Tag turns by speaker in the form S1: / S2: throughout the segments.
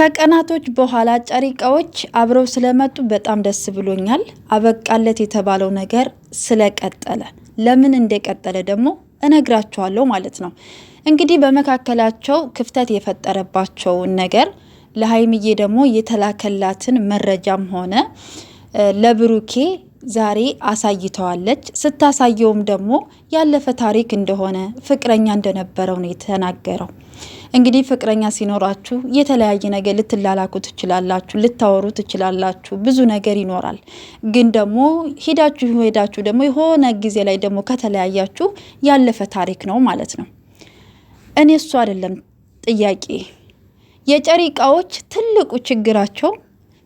S1: ከቀናቶች በኋላ ጨሪቃዎች አብረው ስለመጡ በጣም ደስ ብሎኛል። አበቃለት የተባለው ነገር ስለቀጠለ ለምን እንደቀጠለ ደግሞ እነግራችኋለሁ ማለት ነው። እንግዲህ በመካከላቸው ክፍተት የፈጠረባቸውን ነገር ለሀይምዬ ደግሞ የተላከላትን መረጃም ሆነ ለብሩኬ ዛሬ አሳይተዋለች። ስታሳየውም ደግሞ ያለፈ ታሪክ እንደሆነ ፍቅረኛ እንደነበረው ነው የተናገረው። እንግዲህ ፍቅረኛ ሲኖራችሁ የተለያየ ነገር ልትላላኩ ትችላላችሁ፣ ልታወሩ ትችላላችሁ፣ ብዙ ነገር ይኖራል። ግን ደግሞ ሄዳችሁ ሄዳችሁ ደግሞ የሆነ ጊዜ ላይ ደግሞ ከተለያያችሁ ያለፈ ታሪክ ነው ማለት ነው። እኔ እሱ አይደለም ጥያቄ። የጨሪቃዎች ትልቁ ችግራቸው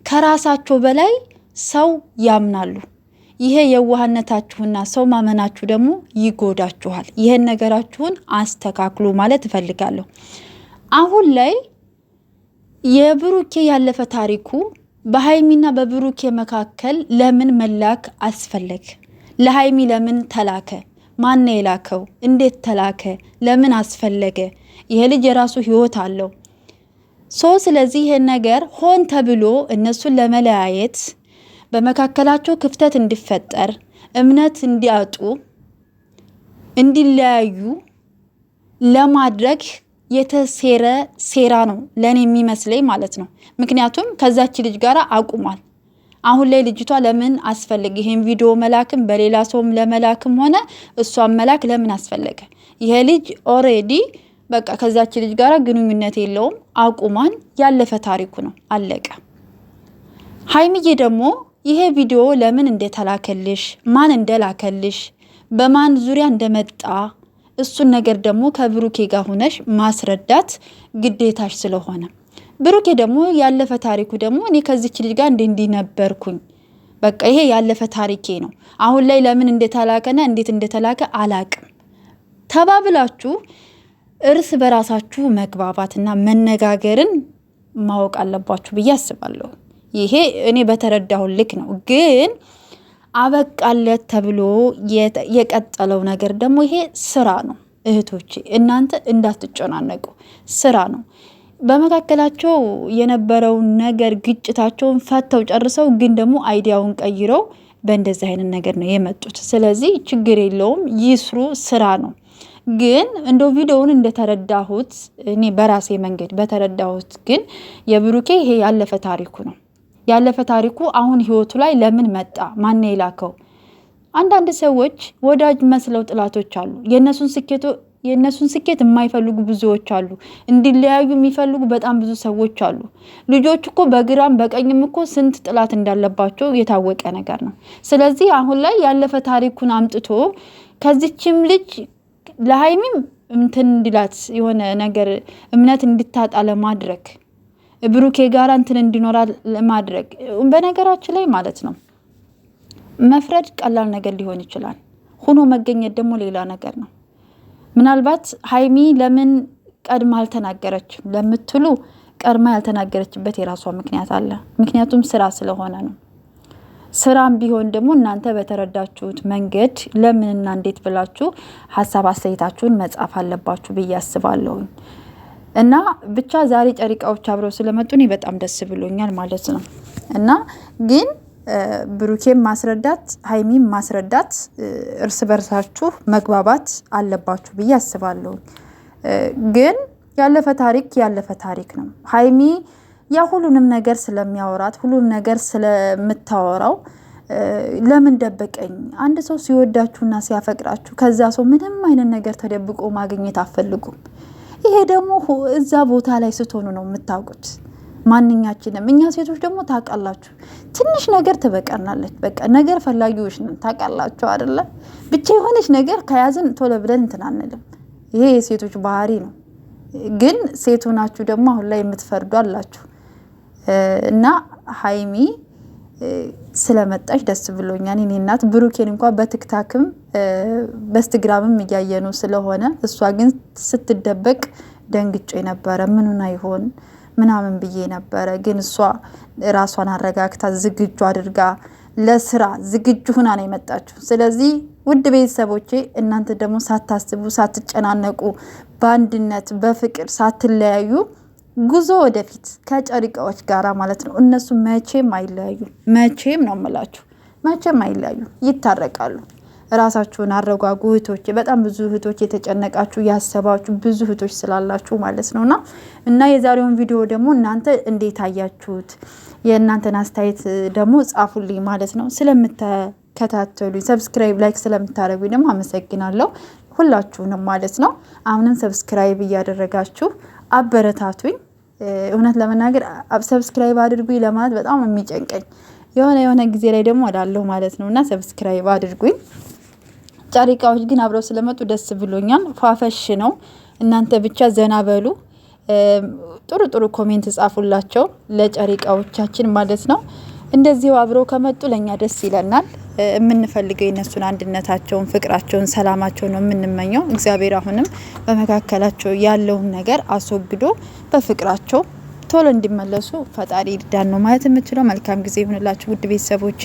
S1: ከራሳቸው በላይ ሰው ያምናሉ። ይሄ የዋህነታችሁና ሰው ማመናችሁ ደግሞ ይጎዳችኋል። ይህን ነገራችሁን አስተካክሉ ማለት እፈልጋለሁ። አሁን ላይ የብሩኬ ያለፈ ታሪኩ በሀይሚና በብሩኬ መካከል ለምን መላክ አስፈለግ? ለሀይሚ ለምን ተላከ? ማን የላከው? እንዴት ተላከ? ለምን አስፈለገ? ይሄ ልጅ የራሱ ህይወት አለው። ሶ ስለዚህ ይሄን ነገር ሆን ተብሎ እነሱን ለመለያየት በመካከላቸው ክፍተት እንዲፈጠር እምነት እንዲያጡ እንዲለያዩ ለማድረግ የተሴረ ሴራ ነው ለእኔ የሚመስለኝ ማለት ነው። ምክንያቱም ከዛች ልጅ ጋር አቁሟል። አሁን ላይ ልጅቷ ለምን አስፈለገ? ይሄን ቪዲዮ መላክም በሌላ ሰውም ለመላክም ሆነ እሷን መላክ ለምን አስፈለገ? ይሄ ልጅ ኦሬዲ በቃ ከዛች ልጅ ጋር ግንኙነት የለውም። አቁሟን ያለፈ ታሪኩ ነው፣ አለቀ። ሀይምዬ ደግሞ ይሄ ቪዲዮ ለምን እንደተላከልሽ፣ ማን እንደላከልሽ፣ በማን ዙሪያ እንደመጣ እሱን ነገር ደግሞ ከብሩኬ ጋር ሆነሽ ማስረዳት ግዴታሽ ስለሆነ ብሩኬ ደግሞ ያለፈ ታሪኩ ደግሞ እኔ ከዚች ልጅ ጋር እንዲ እንዲ ነበርኩኝ በቃ ይሄ ያለፈ ታሪኬ ነው። አሁን ላይ ለምን እንደተላከና እንዴት እንደተላከ አላቅም ተባብላችሁ እርስ በራሳችሁ መግባባትና መነጋገርን ማወቅ አለባችሁ ብዬ አስባለሁ። ይሄ እኔ በተረዳሁ ልክ ነው ግን አበቃለት ተብሎ የቀጠለው ነገር ደግሞ ይሄ ስራ ነው። እህቶቼ እናንተ እንዳትጨናነቁ ስራ ነው። በመካከላቸው የነበረውን ነገር ግጭታቸውን ፈተው ጨርሰው፣ ግን ደግሞ አይዲያውን ቀይረው በእንደዚህ አይነት ነገር ነው የመጡት። ስለዚህ ችግር የለውም ይስሩ፣ ስራ ነው። ግን እንደ ቪዲዮውን እንደተረዳሁት እኔ በራሴ መንገድ በተረዳሁት ግን የብሩኬ ይሄ ያለፈ ታሪኩ ነው። ያለፈ ታሪኩ አሁን ህይወቱ ላይ ለምን መጣ? ማን የላከው? አንዳንድ ሰዎች ወዳጅ መስለው ጥላቶች አሉ። የእነሱን ስኬቶ የእነሱን ስኬት የማይፈልጉ ብዙዎች አሉ። እንዲለያዩ የሚፈልጉ በጣም ብዙ ሰዎች አሉ። ልጆች እኮ በግራም በቀኝም እኮ ስንት ጥላት እንዳለባቸው የታወቀ ነገር ነው። ስለዚህ አሁን ላይ ያለፈ ታሪኩን አምጥቶ ከዚችም ልጅ ለሀይሚም እንትን እንዲላት የሆነ ነገር እምነት እንድታጣ ለማድረግ ብሩኬ ጋር እንትን እንዲኖራ ማድረግ። በነገራችን ላይ ማለት ነው መፍረድ ቀላል ነገር ሊሆን ይችላል፣ ሆኖ መገኘት ደግሞ ሌላ ነገር ነው። ምናልባት ሀይሚ ለምን ቀድማ አልተናገረችም ለምትሉ ቀድማ ያልተናገረችበት የራሷ ምክንያት አለ። ምክንያቱም ስራ ስለሆነ ነው። ስራም ቢሆን ደግሞ እናንተ በተረዳችሁት መንገድ ለምንና እንዴት ብላችሁ ሀሳብ አስተያየታችሁን መጻፍ አለባችሁ ብዬ አስባለሁኝ። እና ብቻ ዛሬ ጨሪቃዎች አብረው ስለመጡ እኔ በጣም ደስ ብሎኛል ማለት ነው። እና ግን ብሩኬም ማስረዳት ሀይሚም ማስረዳት እርስ በርሳችሁ መግባባት አለባችሁ ብዬ አስባለሁ። ግን ያለፈ ታሪክ ያለፈ ታሪክ ነው። ሀይሚ ያ ሁሉንም ነገር ስለሚያወራት ሁሉንም ነገር ስለምታወራው ለምን ደበቀኝ? አንድ ሰው ሲወዳችሁና ሲያፈቅራችሁ ከዛ ሰው ምንም አይነት ነገር ተደብቆ ማግኘት አፈልጉም? ይሄ ደግሞ እዛ ቦታ ላይ ስትሆኑ ነው የምታውቁት። ማንኛችንም እኛ ሴቶች ደግሞ ታውቃላችሁ፣ ትንሽ ነገር ትበቀናለች። በቃ ነገር ፈላጊዎች ነን፣ ታውቃላችሁ አይደለ? ብቻ የሆነች ነገር ከያዝን ቶሎ ብለን እንትን አንልም። ይሄ የሴቶች ባህሪ ነው። ግን ሴቱ ናችሁ ደግሞ አሁን ላይ የምትፈርዱ አላችሁ እና ሀይሚ ስለመጣሽ ደስ ብሎኛል። እኔ እናት ብሩኬን እንኳ በትክታክም በስትግራምም እያየኑ ስለሆነ እሷ ግን ስትደበቅ ደንግጮ ነበረ። ምኑና ይሆን ምናምን ብዬ ነበረ። ግን እሷ ራሷን አረጋግታ ዝግጁ አድርጋ ለስራ ዝግጁ ሁና ነው የመጣችሁ። ስለዚህ ውድ ቤተሰቦቼ እናንተ ደግሞ ሳታስቡ ሳትጨናነቁ፣ በአንድነት በፍቅር ሳትለያዩ ጉዞ ወደፊት ከጨሪቃዎች ጋር ማለት ነው። እነሱ መቼም አይለያዩ፣ መቼም ነው የምላችሁ፣ መቼም አይለያዩ፣ ይታረቃሉ። ራሳችሁን አረጋጉ እህቶች። በጣም ብዙ እህቶች የተጨነቃችሁ ያሰባችሁ ብዙ እህቶች ስላላችሁ ማለት ነውና እና የዛሬውን ቪዲዮ ደግሞ እናንተ እንዴት አያችሁት? የእናንተን አስተያየት ደግሞ ጻፉልኝ ማለት ነው። ስለምትከታተሉኝ፣ ሰብስክራይብ፣ ላይክ ስለምታደረጉኝ ደግሞ አመሰግናለሁ ሁላችሁንም ማለት ነው። አሁንም ሰብስክራይብ እያደረጋችሁ አበረታቱኝ። እውነት ለመናገር ሰብስክራይብ አድርጉኝ ለማለት በጣም የሚጨንቀኝ የሆነ የሆነ ጊዜ ላይ ደግሞ ወዳለሁ ማለት ነው እና ሰብስክራይብ አድርጉኝ። ጨሪቃዎች ግን አብረው ስለመጡ ደስ ብሎኛል። ፏፈሽ ነው። እናንተ ብቻ ዘና በሉ። ጥሩ ጥሩ ኮሜንት ጻፉላቸው ለጨሪቃዎቻችን ማለት ነው። እንደዚሁ አብረው ከመጡ ለእኛ ደስ ይለናል። የምንፈልገው የነሱን አንድነታቸውን፣ ፍቅራቸውን፣ ሰላማቸውን ነው የምንመኘው። እግዚአብሔር አሁንም በመካከላቸው ያለውን ነገር አስወግዶ በፍቅራቸው ቶሎ እንዲመለሱ ፈጣሪ ይርዳን ነው ማለት የምችለው። መልካም ጊዜ ይሁንላችሁ ውድ ቤተሰቦች።